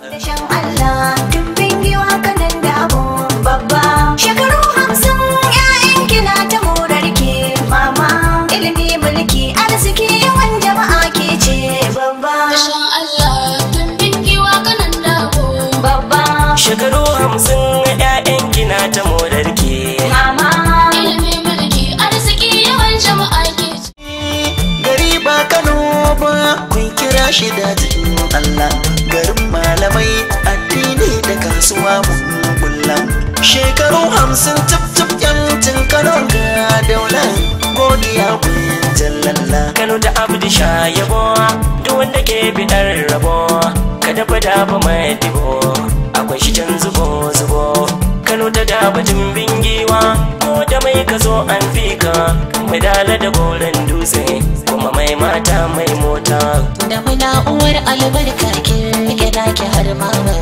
Dashen Allah bin giwa kanan dabo babba shekaru hamsin ƴaƴan kina ta morar ke mama ilimi yawan jama'a ke ce babba Allah giwa babba hamsin ta mama ilimi mulki arziki yawan jama'a ke ce gari ba Kano ba kun kira shi da shekaru hamsin tif tif yancin kano ga daula godiya kun lalla. kano da abdi shayabo duk wanda ke bidar rabo kada fa da mai dibo akwai shi can zubo zubo kano da daba jimbin giwa ko da mai ka zo an fi ka. dala da goren dutse kuma mai mata mai mota da muna uwar albarka kirke nake har ma mai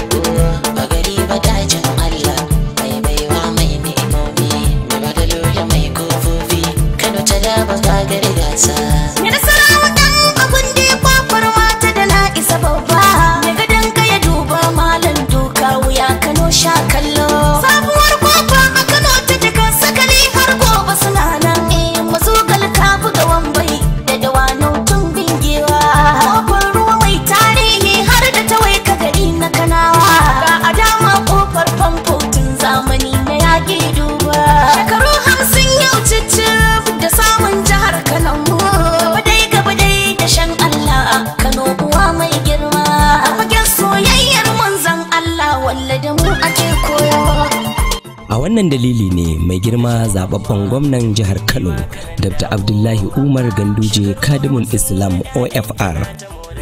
wannan dalili ne mai girma zababben gwamnan jihar kano dr abdullahi umar ganduje kadimun islam ofr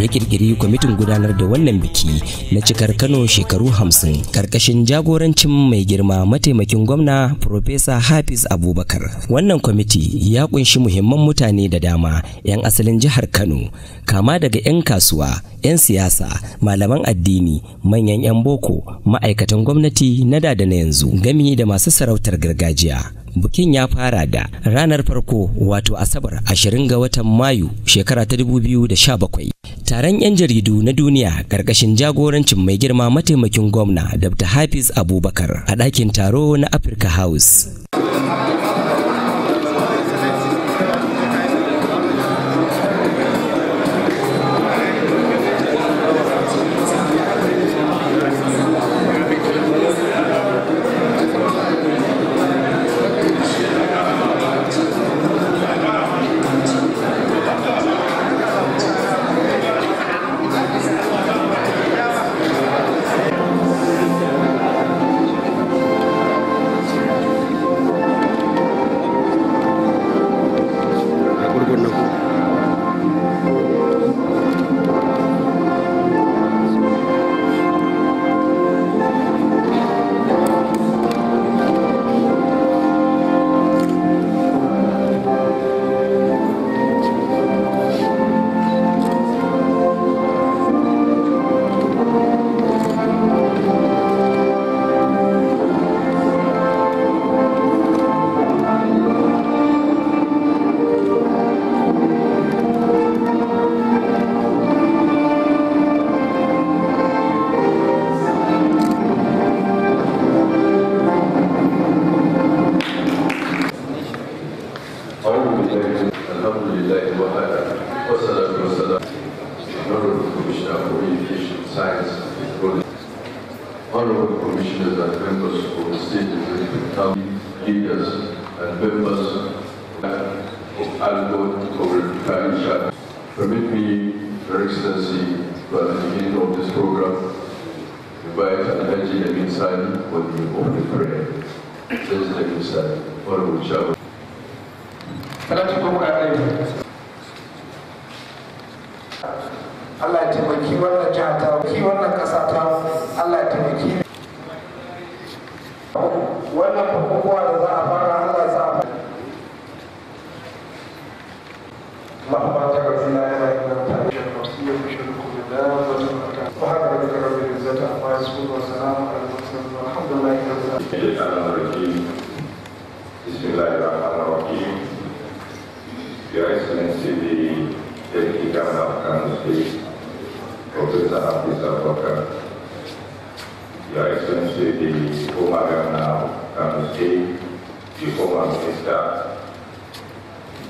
ya kirkiri kwamitin gudanar da wannan biki na cikar Kano shekaru hamsin karkashin jagorancin mai girma mataimakin gwamna Profesa Hafiz Abubakar. Wannan kwamiti ya kunshi muhimman mutane da dama 'yan asalin jihar Kano kama daga 'yan kasuwa, 'yan siyasa, malaman addini, manyan 'yan boko, ma'aikatan gwamnati na da na yanzu gami da masu sarautar gargajiya. bukin ya fara da ranar farko wato asabar 20 ga watan mayu shekara ta 2017 taron 'yan jaridu na duniya karkashin jagorancin mai girma mataimakin gwamna dr hafiz abubakar a dakin taro na africa house Bismillahirrahmanirrahim. Bismillahirrahmanirrahim. Your Excellency di Deputy Kamar Kanusi, Profesor Hafiz Abubakar. Your Excellency di kan Kanusi, di Umar Minister,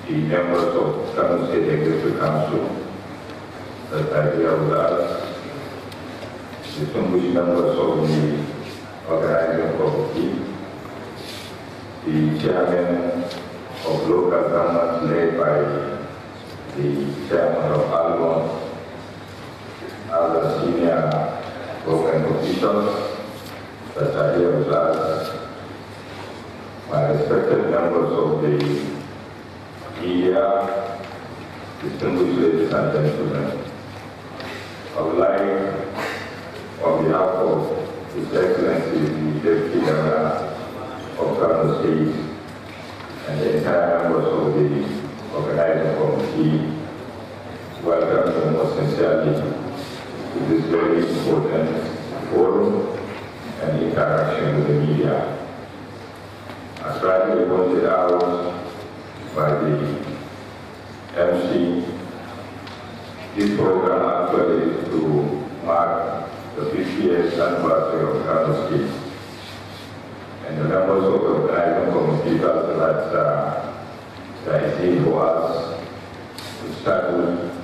di members of Kanusi Executive Council, serta dia ulas, sesungguhnya members of the organizing committee, the chairman of local government led by the chairman of Algon, other senior government officials that are here with us, my respected members of the media, distinguished ladies and gentlemen, I would like, on behalf of his Excellency the Deputy Governor of Kano State and the entire members of the organizing committee, welcome you most sincerely to this very important forum and interaction with the media. As rightly pointed out by the MC, this program actually is to mark the 50th anniversary of Kano And the members of the organizing committee felt that uh, the idea us to start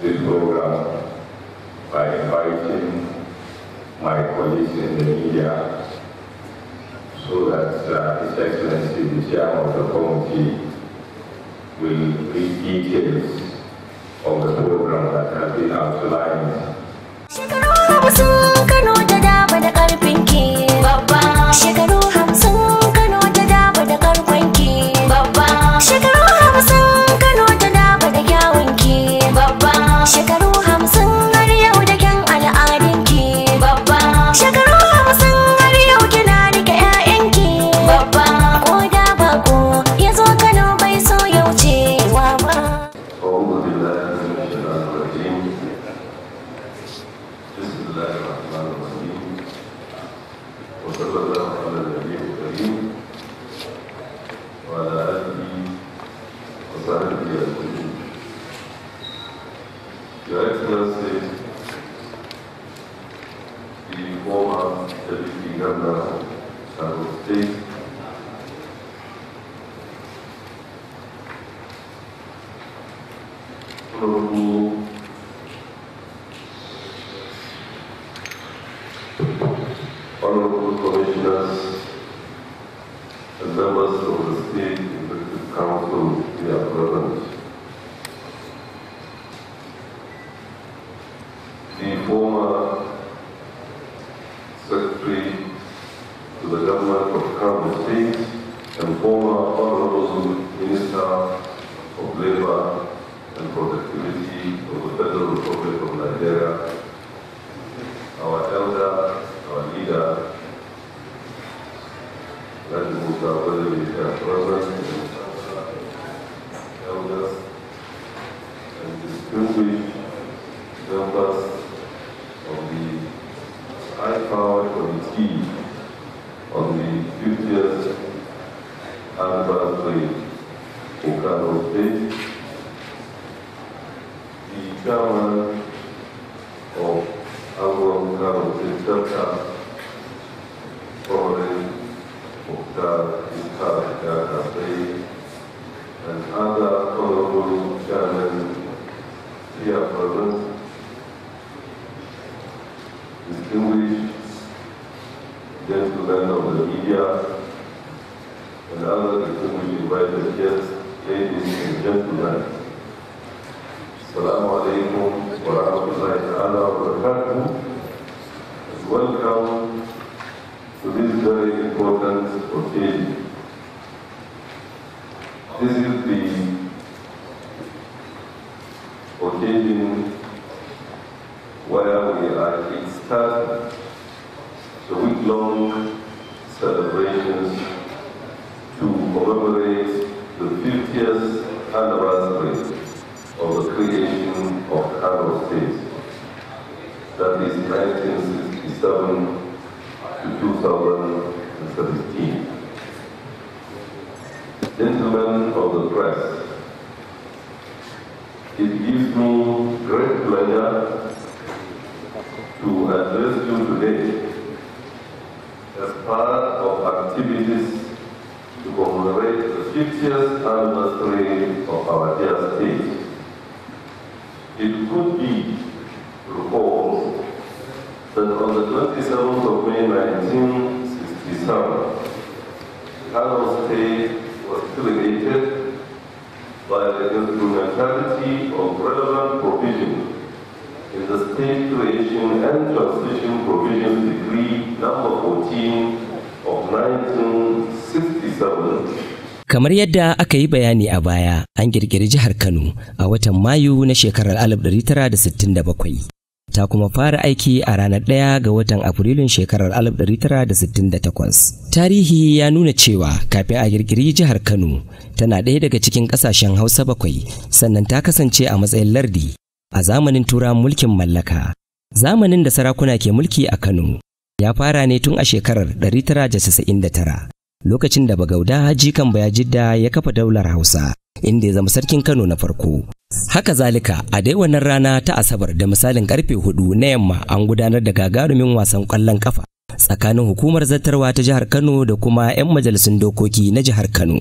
this program by inviting my colleagues in the media so that uh, His Excellency, the chairman of the committee, will read details of the program that has been outlined. the government of current State and former Honorable Minister of Labor and Productivity 50th anniversary of the creation of Kano State, that is 1967 to 2017. Gentlemen of the press, it gives me great pleasure to address you today as part of activities to commemorate the 50th our dear state. It could be recalled that on the 27th of May 1967, Kano State was delegated by the instrumentality of relevant provision in the State Creation and Transition Provisions Decree number 14 of 1967 Kamar yadda aka yi bayani a baya, an girgiri jihar Kano a watan Mayu na shekarar 1967. Ta kuma fara aiki a ranar ɗaya ga watan Afrilun shekarar 1968. Tarihi ya nuna cewa kafin a girgiri jihar Kano tana ɗaya daga cikin ƙasashen Hausa bakwai, sannan ta kasance a matsayin lardi a zamanin tura mulkin mallaka. Zamanin da sarakuna ke mulki a Kano ya fara ne tun a shekarar 1999. lokacin da Bagauda jikan Jidda ya kafa daular Hausa inda ya zama sarkin Kano na farko. Haka zalika a dai wannan rana ta Asabar da misalin karfe hudu na yamma an gudanar da gagarumin wasan kwallon kafa tsakanin hukumar zartarwa ta jihar Kano da kuma 'yan majalisun dokoki na jihar Kano.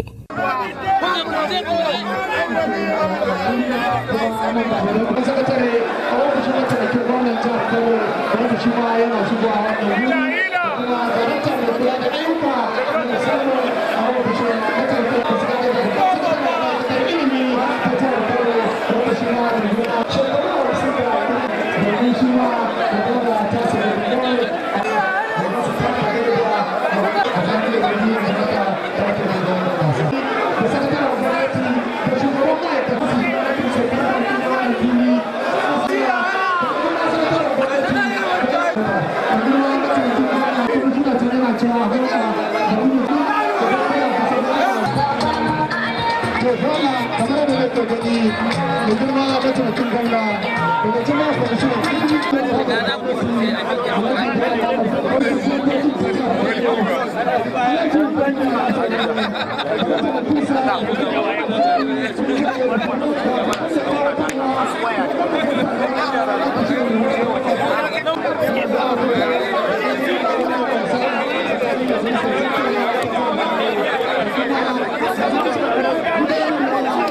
girma da taimakin gwamna daga jima kwamishinan Thank you.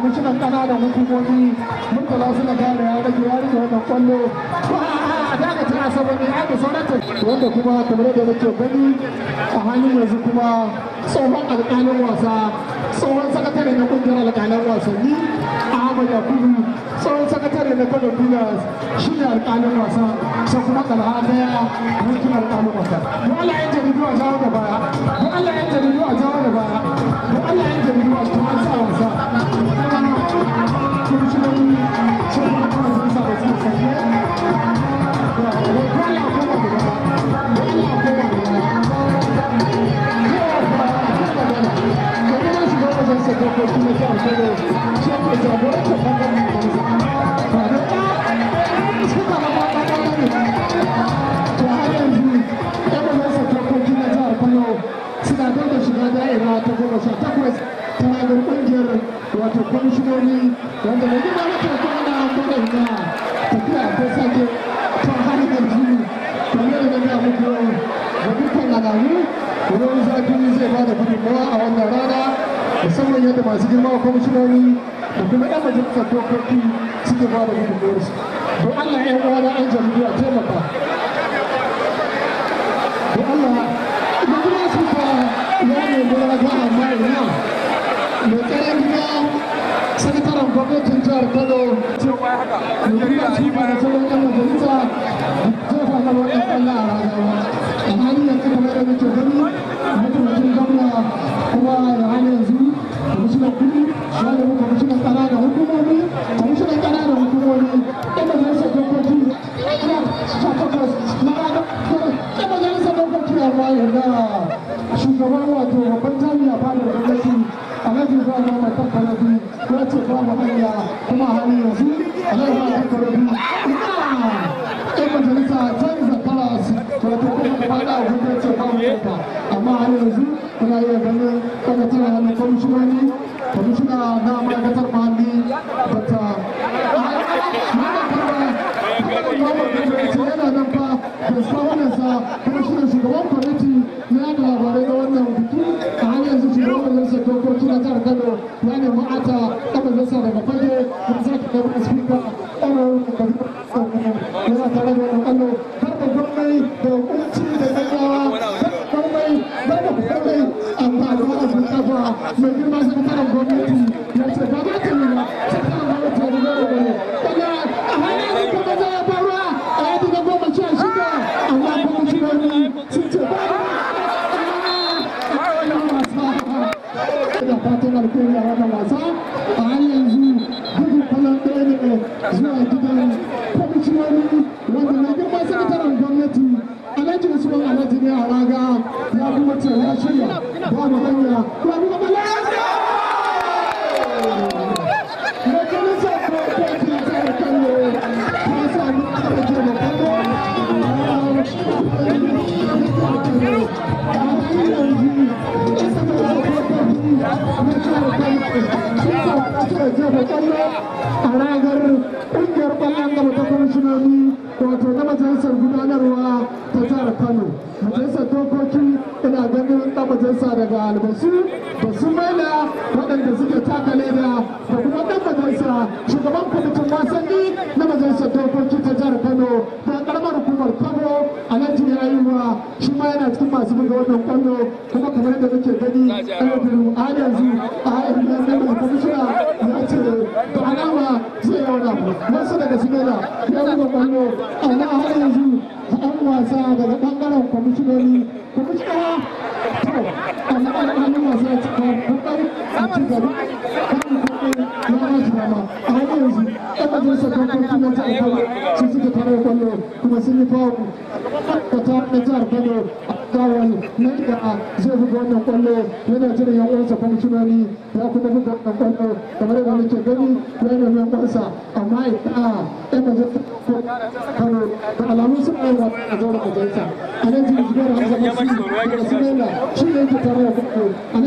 kwamishinan hukumomi murtala gane ya kwallo a ne ya da wanda kuma kamar da nake gani a hannun yanzu kuma tsohon alƙalin wasa tsohon sakatare na ƙungiyar alƙalan wasanni yakubu tsohon sakatare na shi ne wasa sai kuma kalha daya alƙalin wasa wato kwamishinoni wanda mai gina wata kuma kwanan ta sake na muku da dukkan alamu zafi zai ba da a wannan rana musamman yadda masu girma kwamishinoni da yan majalisar dokoki suke ba da gudunmawarsu don allah yan uwa an jam'iyya taimaka gwamnatin jihar kano domin shi ba da sauran yan majalisa jefa na wannan kwallo a rana a hannun yanzu kamar da muke gani mataimakin gwamna kuma yanzu kwamishinan kudi ya da kwamishinan tsara da hukumomi kwamishinan da alhaji ibrahim muhammad tankarabi ya ce babu hanya kuma hali yanzu alhaji ibrahim tankarabi ɗan majalisa canza falas wato kuma faɗa a gudu ya ce babu hanya amma hali yanzu kuna iya ganin kwamitin hannun kwamishinoni kwamishina na ma'aikatar muhalli dr yana nan fa da ¿Me entiendo? majalisar dokoki na jihar Kano sun kwallo kuma sun yi fawo kata kuma a zauren majalisa a nan jirgin zubar hamza masu da su ne da shi ne yake tare da a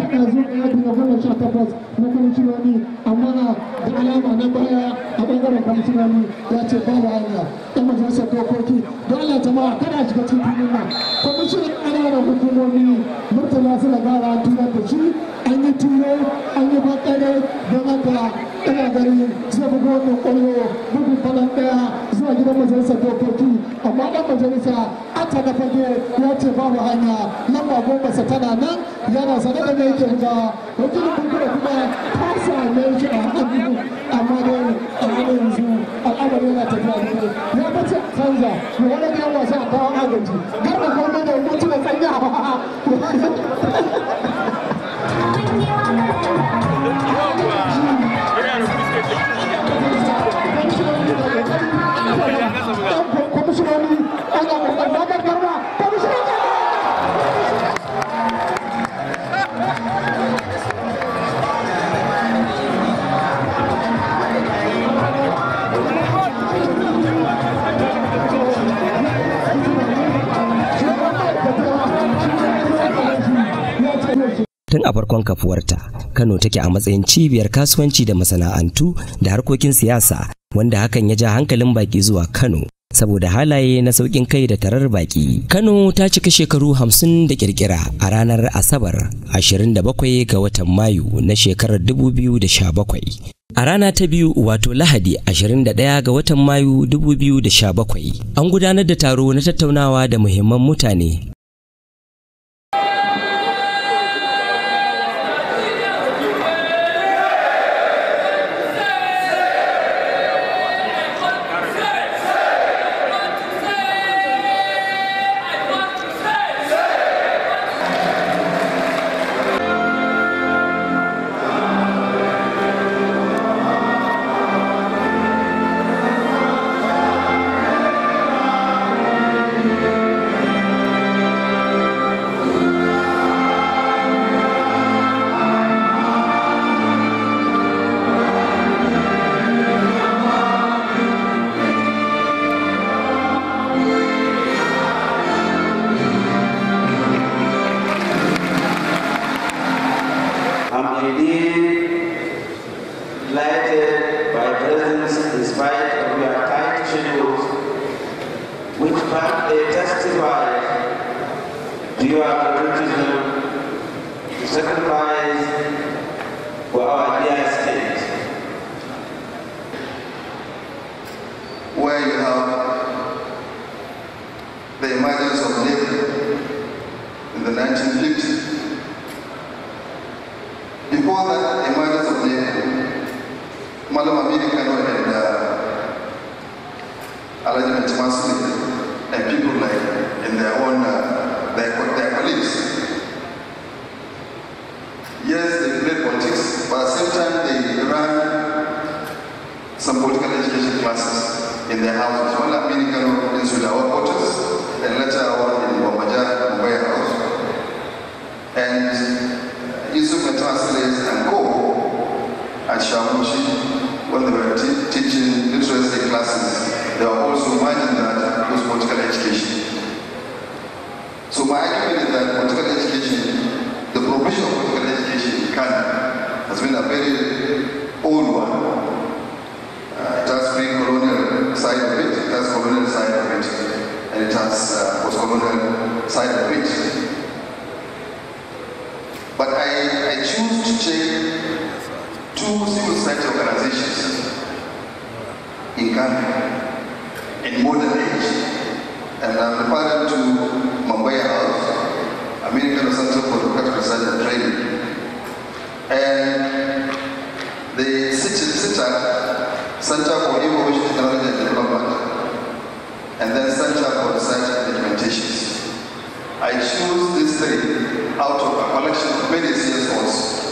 ya a zuwa yakin na goma sha takwas na kwamishinoni amma da alama na baya a bangaren kwamishinoni ya ce ba da hanya yan majalisar dokoki don Allah jama'a kada shiga cikin nan kwamishinan ƙananan hukumomi murtala suna gara turar da shi an yi turo an yi bakare don haka ina gari zai buga wannan kwallo bugun falon daya zuwa gidan majalisar dokoki amma dan majalisa ata na fage ya ce babu hanya lamba goma sa tana nan yana sanar da mai kirga wakilin bukura kuma a same shi a hannu amma dai a wani yanzu al'amari yana tafiya ne ya bace canza ya wani da yawa sa kawo agaji garba gwamnati da mutu da tun a farkon kafuwarta kano take a matsayin cibiyar kasuwanci da masana'antu da harkokin siyasa wanda hakan ya ja hankalin baki zuwa kano saboda halaye na saukin kai da tarar baki. Kano ta cika shekaru hamsin da kirkira a ranar Asabar 27 ga watan Mayu na shekarar 2017. A rana ta biyu wato Lahadi 21 ga watan Mayu 2017 an gudanar da taro na tattaunawa da muhimman mutane out of a collection of many CSOs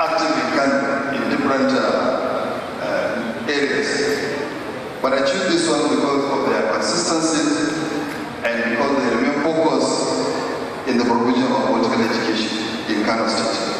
active in in different uh, uh, areas. But I choose this one because of their consistency and because they remain focused in the provision of political education in Kano State.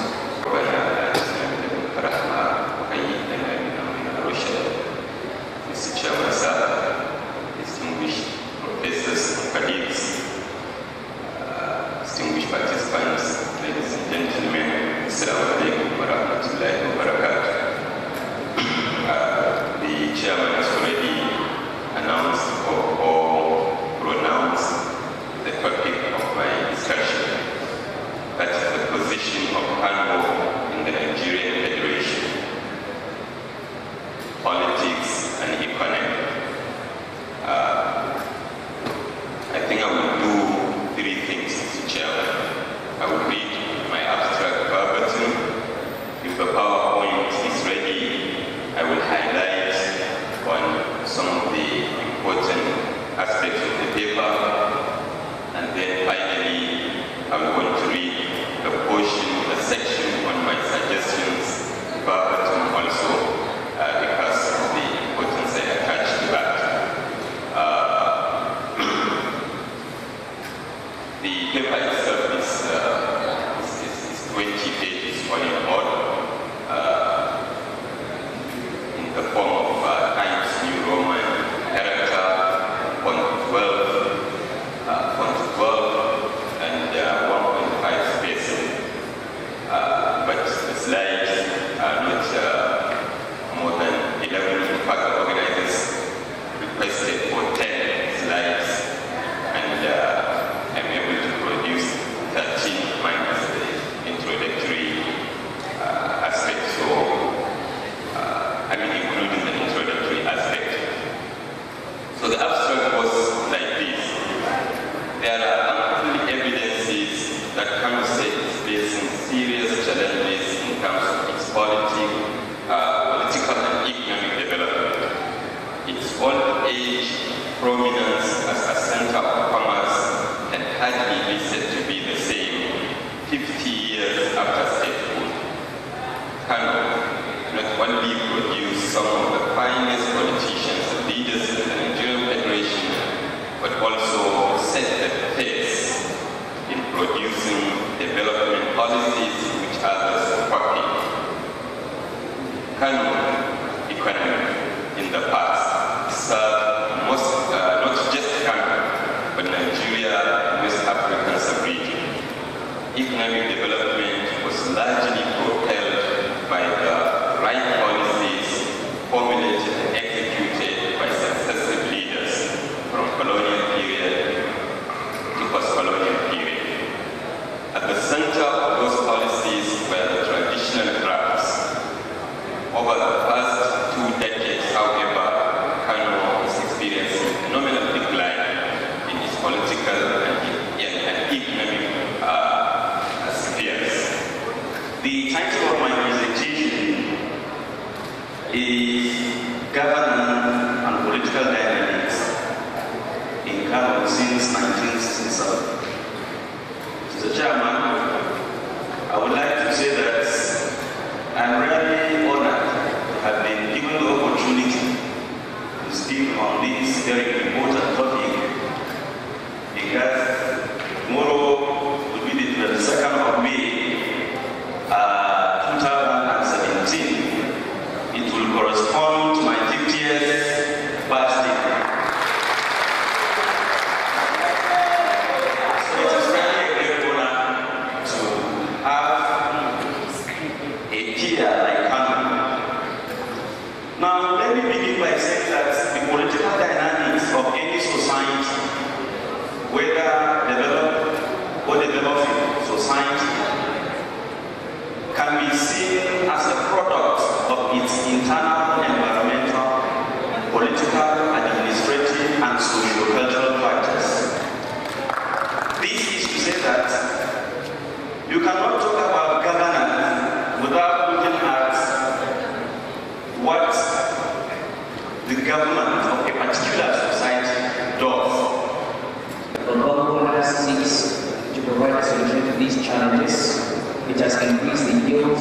formula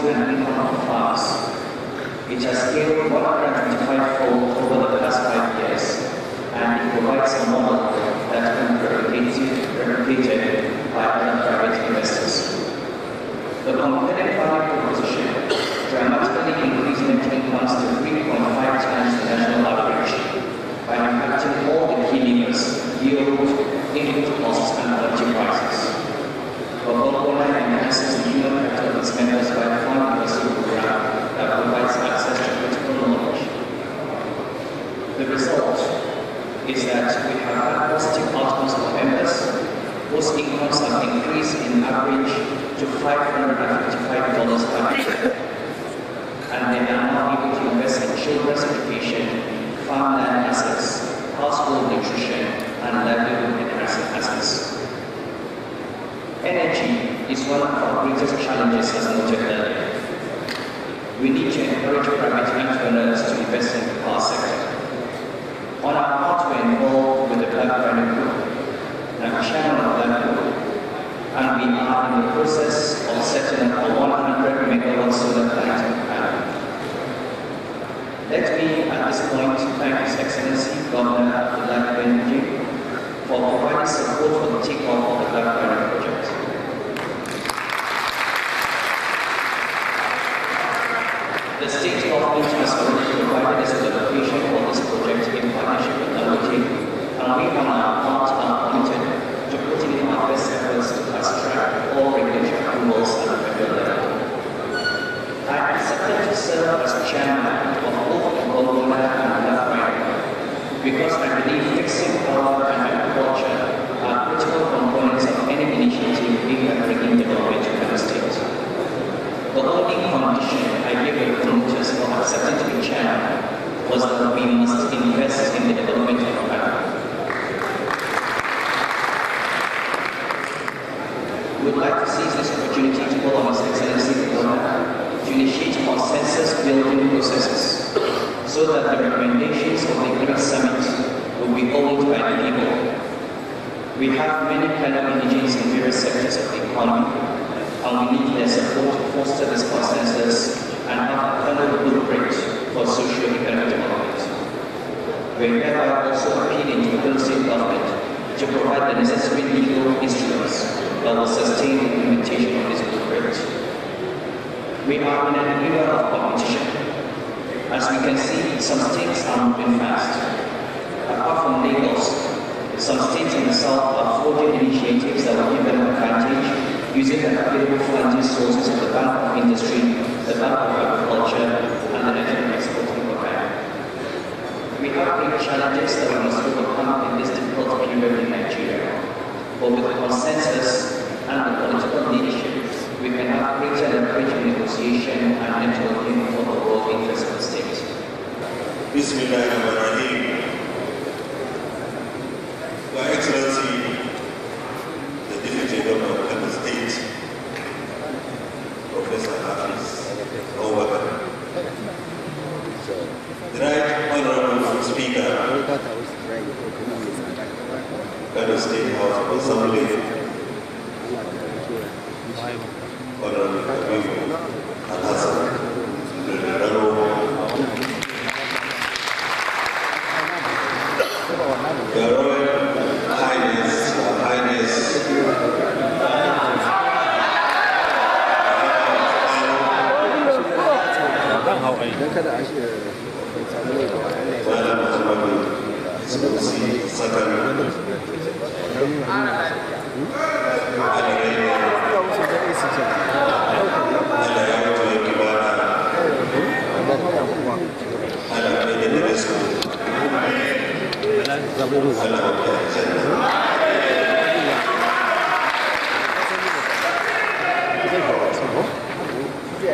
It has scaled 125-fold over the past five years, and it provides a model that can be replicated, replicated by other private investors. The competitive value proposition dramatically increased net incomes to 3.5 times the national average by impacting all the key levers, yield, input cost, result is that we have positive outcomes for members whose incomes have increased in average to $555 per year. And they are now able to invest in children's education, farmland assets, household nutrition, and livelihood enhancing assets. Energy is one of our greatest challenges as noted earlier. We need to encourage private entrepreneurs to invest in power and of that and we are in the process of setting up a 100 megawatt solar plant let me at this point thank His Excellency Governor Abdullah Benji for providing support for the takeoff using the available funding sources of the Bank of Industry, the Bank of Agriculture, and the National Exporting Program. We have big challenges that we must overcome in this difficult period in Nigeria, but with consensus and the political leadership, we can have greater and in negotiation and networking for the world interest of the state. Bismillahirrahmanirrahim. Your Excellency, State House was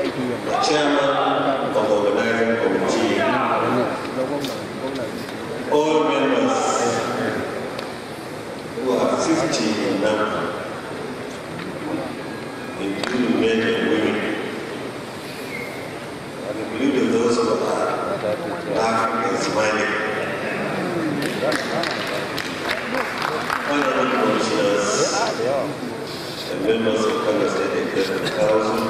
Chairman of Organizing Committee, all members who are 50 in number, including men and women, including those who are Black and Somali. Honorable commissioners and members of Kano State Executive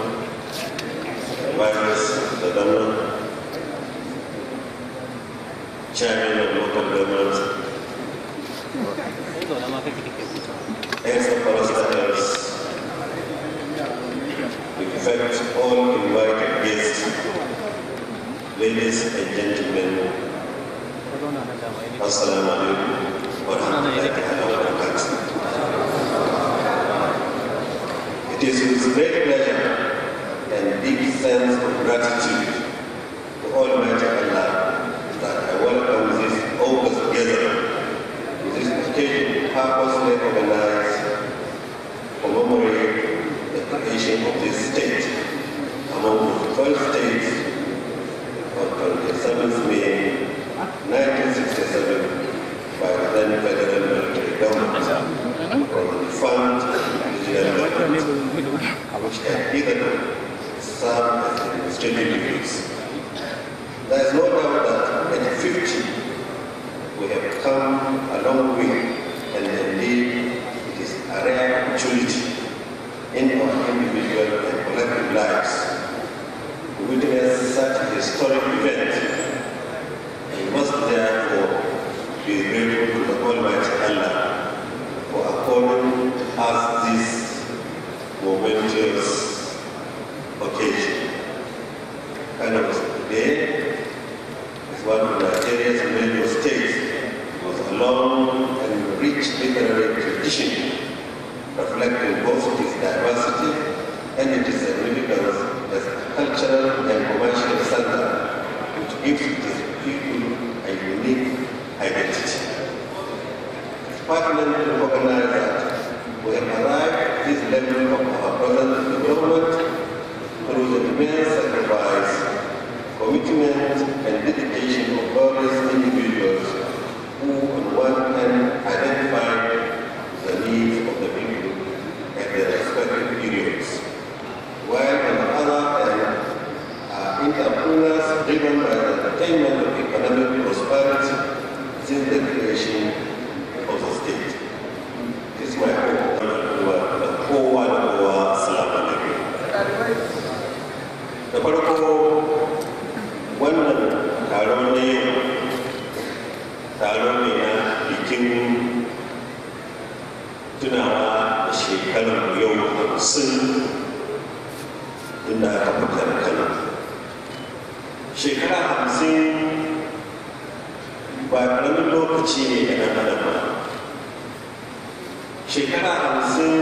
gentlemen, Assalamu alaikum wa rahmatullahi wa barakatuh. It is with great pleasure and deep sense of gratitude kano yau sun inda aka fitar kano shekara hamsin ba ƙaramin lokaci ne da ɗan adam ba shekara hamsin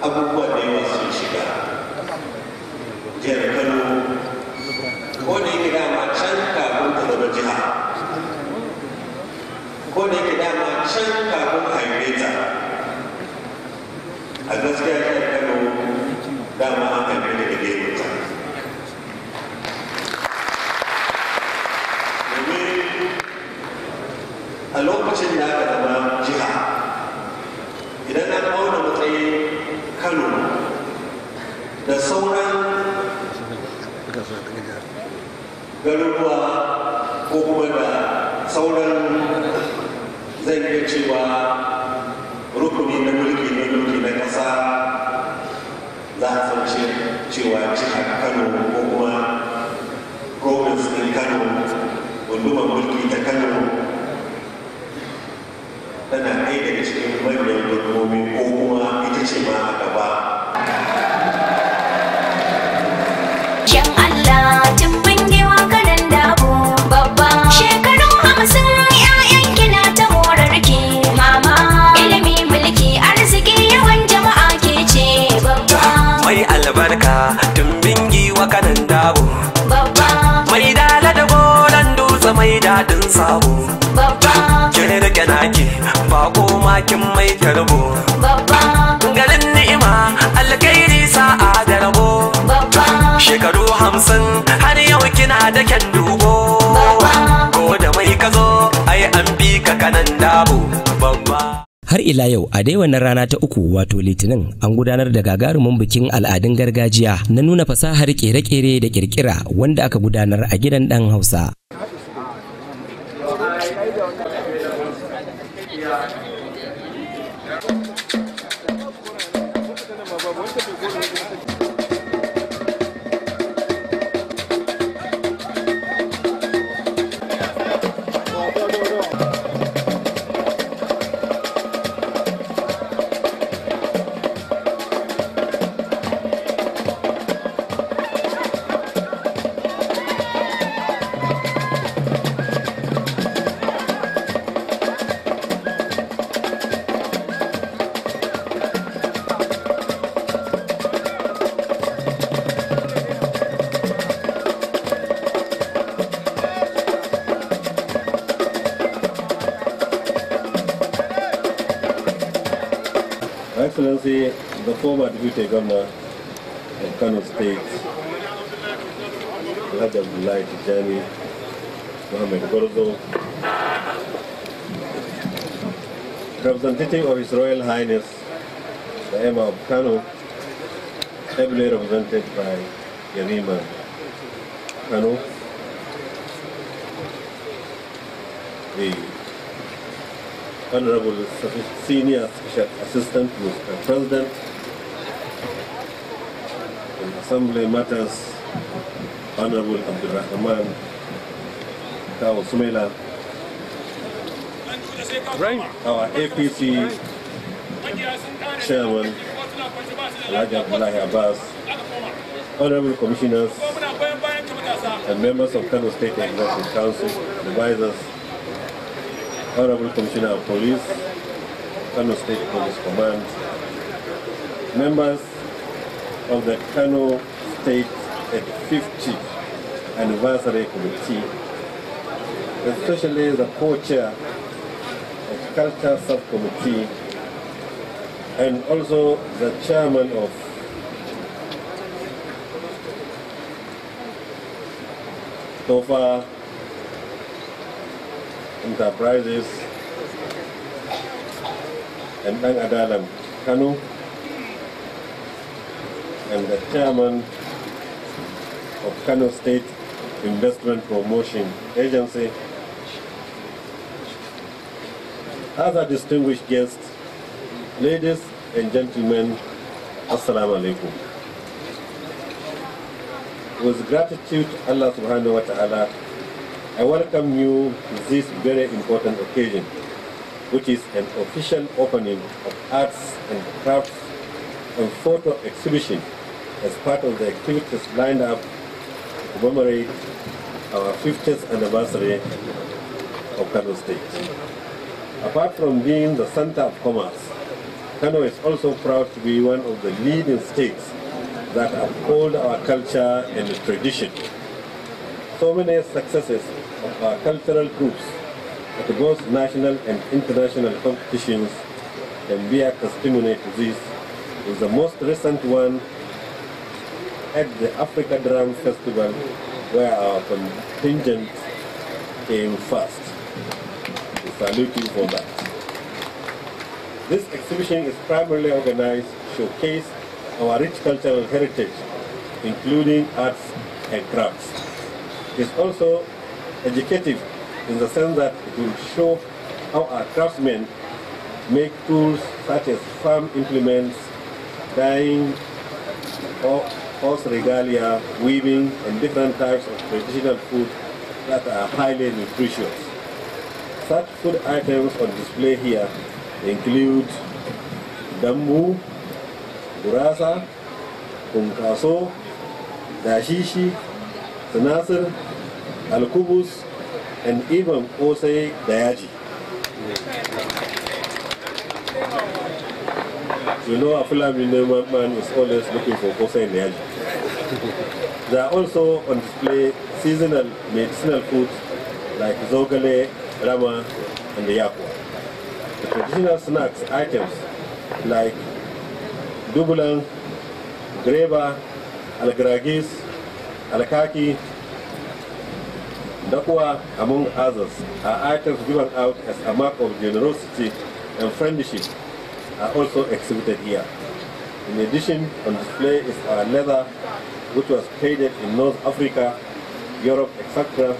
abubuwa da yawa sun shiga jiyar lokacin da aka zama jiha idan an auna matsayin kano da sauran garuruwa ko kuma da sauran zai iya cewa rukuni na mulki na mulki na ƙasa za a sauce cewa jihar kano ko kuma province ɗin kano gundumar mulki ta kano daɗin sabo kin rike naki ba koma kin mai Baba. garin ni'ima alkairi sa'a da Baba. shekaru hamsin har yau kina da kyan dubo ko da mai kazo ai an bi ka kanan dabo babba har ila yau a dai wannan rana ta uku wato litinin an gudanar da gagarumin bikin al'adun gargajiya na nuna fasahar kere-kere da kirkira wanda aka gudanar a gidan dan hausa representative of His Royal Highness the Emma of Kano, ably represented by Yarima Kano, the Honorable Senior Special Assistant to the President in Assembly Matters, Honorable Abdul Rahman Kao Sumela, Right. Uh, APC chairman, Elijah Malahi Abbas, Honorable Commissioners, and members of Kano State Executive Council, advisors, Honorable Commissioner of Police, Kano State Police Command, members of the Kano State 50th Anniversary Committee, especially the co-chair Culture Subcommittee and also the chairman of Tofa Enterprises and Dang Adalam Kanu and the chairman of Kano State Investment Promotion Agency other distinguished guests, ladies and gentlemen, Assalamu alaikum. With gratitude, Allah subhanahu wa ta'ala, I welcome you to this very important occasion, which is an official opening of arts and crafts and photo exhibition as part of the activities lined up to commemorate our 50th anniversary of Kano State. Apart from being the center of commerce, Kano is also proud to be one of the leading states that uphold our culture and tradition. So many successes of our cultural groups at both national and international competitions can be a testimony to this, with the most recent one at the Africa Drum Festival where our contingent came first. Salute you for that. This exhibition is primarily organized to showcase our rich cultural heritage, including arts and crafts. It's also educative in the sense that it will show how our craftsmen make tools such as farm implements, dyeing, horse regalia, weaving, and different types of traditional food that are highly nutritious. Such food items on display here include dambu, gurasa, kunkaso, dashishi, sinasir, alkubus, and even osay dayaji. You know, a Fulani man is always looking for osay dayaji. there are also on display seasonal medicinal foods like zogale rama, and the yakwa. The traditional snacks items like dubulang, greba, algaragis, alakaki, dakwa, among others, are items given out as a mark of generosity and friendship are also exhibited here. In addition, on display is our leather, which was traded in North Africa, Europe, etc.,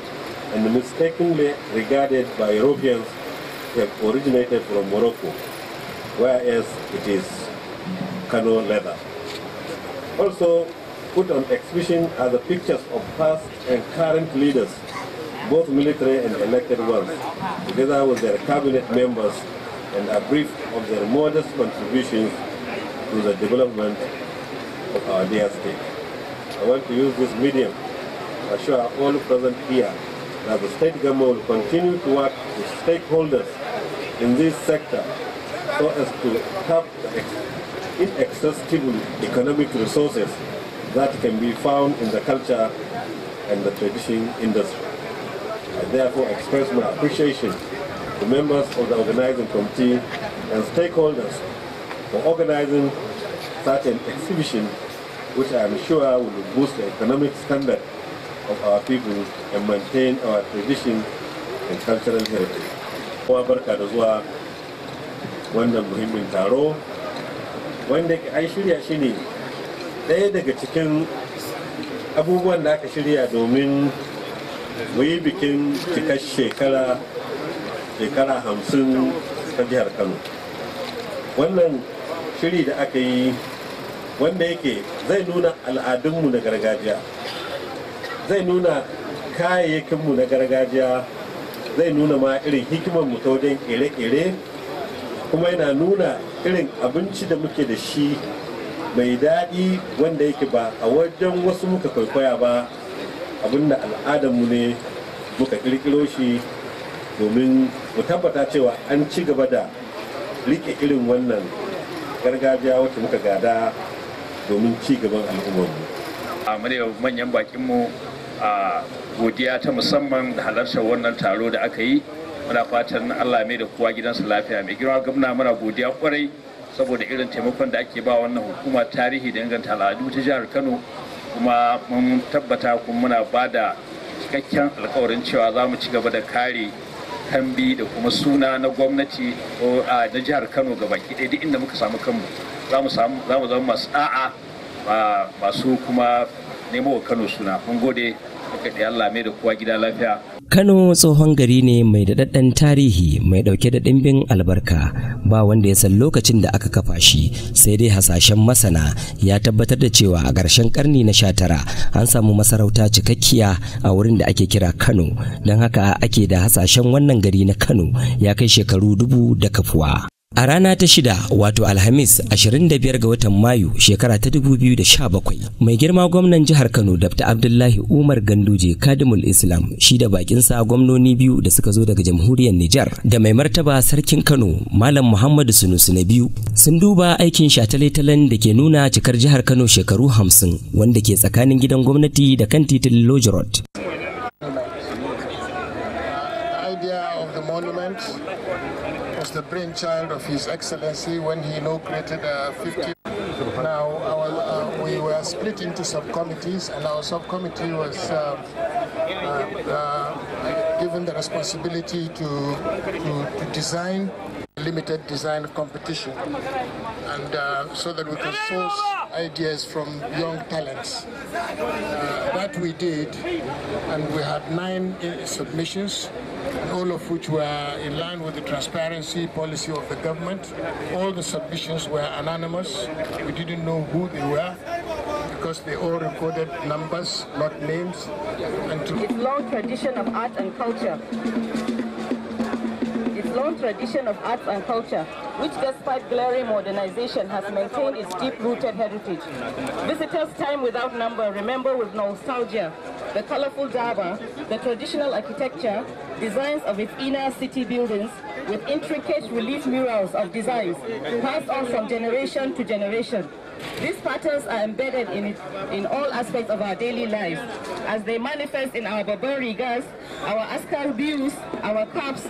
and mistakenly regarded by Europeans to have originated from Morocco, whereas it is canoe leather. Also put on exhibition are the pictures of past and current leaders, both military and elected ones, together with their cabinet members and a brief of their modest contributions to the development of our dear state. I want to use this medium to assure all present here that the state government will continue to work with stakeholders in this sector so as to tap the accessible economic resources that can be found in the culture and the tradition industry. I therefore express my appreciation to members of the organizing committee and stakeholders for organizing such an exhibition which I am sure will boost the economic standard of our people and maintain our tradition and cultural heritage. Kowa barka da zuwa wannan muhimmin taro wanda an shirya shi ne ɗaya daga cikin abubuwan da aka shirya domin mu bikin cikar shekara shekara hamsin ta jihar kano wannan shiri da aka yi wanda yake zai nuna al'adunmu na gargajiya zai nuna kayayyakinmu na gargajiya zai nuna ma irin mu ta wajen kere-kere kuma yana nuna irin abinci da muke da shi mai daɗi wanda yake ba a wajen wasu muka kwaikwaya ba abinda al'adarmu ne muka ƙirƙiro shi domin mu tabbata cewa an ci gaba da riƙe irin wannan gargajiya wacce muka gada domin ci gaban al'ummarmu. a manyan bakinmu a godiya ta musamman da halartar wannan taro da aka yi muna fatan allah mai da kowa gidansa lafiya mai girma gwamna muna godiya kwarai saboda irin taimakon da ake ba wannan hukuma tarihi da inganta al'adu ta jihar kano kuma mun tabbata kuma muna ba da cikakken alkawarin cewa za mu ci gaba da kare kambi da kuma suna na gwamnati na jihar kano ga baki ɗaya duk inda muka samu kanmu za mu zama masu a'a masu kuma nemo Kano suna mun gode Allah mai da kowa gida lafiya Kano tsohon gari ne mai daɗaɗɗen tarihi mai ɗauke da ɗimbin albarka ba wanda ya san lokacin da aka kafa shi sai dai hasashen masana ya tabbatar da cewa a ƙarshen ƙarni na sha tara an samu masarauta cikakkiya a wurin da ake kira Kano don haka ake da hasashen wannan gari na Kano ya kai shekaru dubu da kafuwa. A rana ta shida wato Alhamis 25 ga watan Mayu shekara ta 2017 mai girma gwamnan jihar Kano Dr. Abdullahi Umar Ganduje Kadimul Islam shi da bakinsa gwamnoni biyu da suka zo daga jamhuriyar Nijar da mai martaba sarkin Kano Malam Muhammadu Sunusu na biyu sun duba aikin shataletalen da ke nuna cikar jihar Kano shekaru 50 wanda ke tsakanin gidan gwamnati da kan titin Lodge Road. idea the brainchild of His Excellency when he inaugurated uh, 50. Now, our, uh, we were split into subcommittees, and our subcommittee was uh, uh, uh given the responsibility to, to, to design limited design competition, and uh, so that we could source ideas from young talents. Uh, that we did, and we had nine uh, submissions, all of which were in line with the transparency policy of the government. All the submissions were anonymous. We didn't know who they were because they all recorded numbers, not names. And to long tradition of art and culture long tradition of arts and culture, which despite glaring modernization has maintained its deep-rooted heritage. Visitors time without number remember with nostalgia the colorful Daba, the traditional architecture, designs of its inner city buildings with intricate relief murals of designs passed on from generation to generation. These patterns are embedded in, in all aspects of our daily life, as they manifest in our babarigas, our askar views, our cups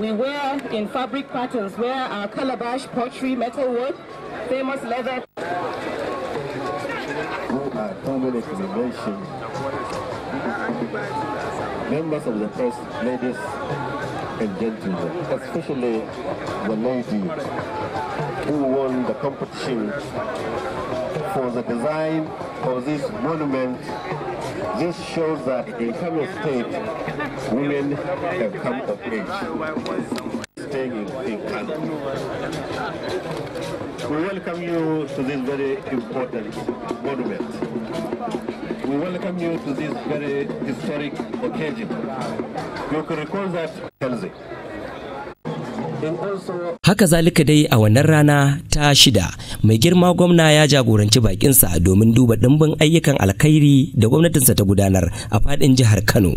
we wear in fabric patterns, wear our calabash, pottery, metalwork, famous leather. Members of the press, ladies and gentlemen, especially the ladies, who won the competition for the design of this monument. This shows that in Kano State, women have come of age. Staying in, in Kano. We welcome you to this very important monument. We welcome you to this very historic occasion. You can recall that, Kelsey. Haka zalika dai a wannan rana ta shida mai girma gwamna ya jagoranci bakinsa domin duba dimbin ayyukan alkhairi da gwamnatinsa ta gudanar a fadin jihar Kano.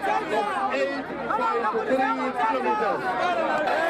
5, 8, 8.3 kilometers.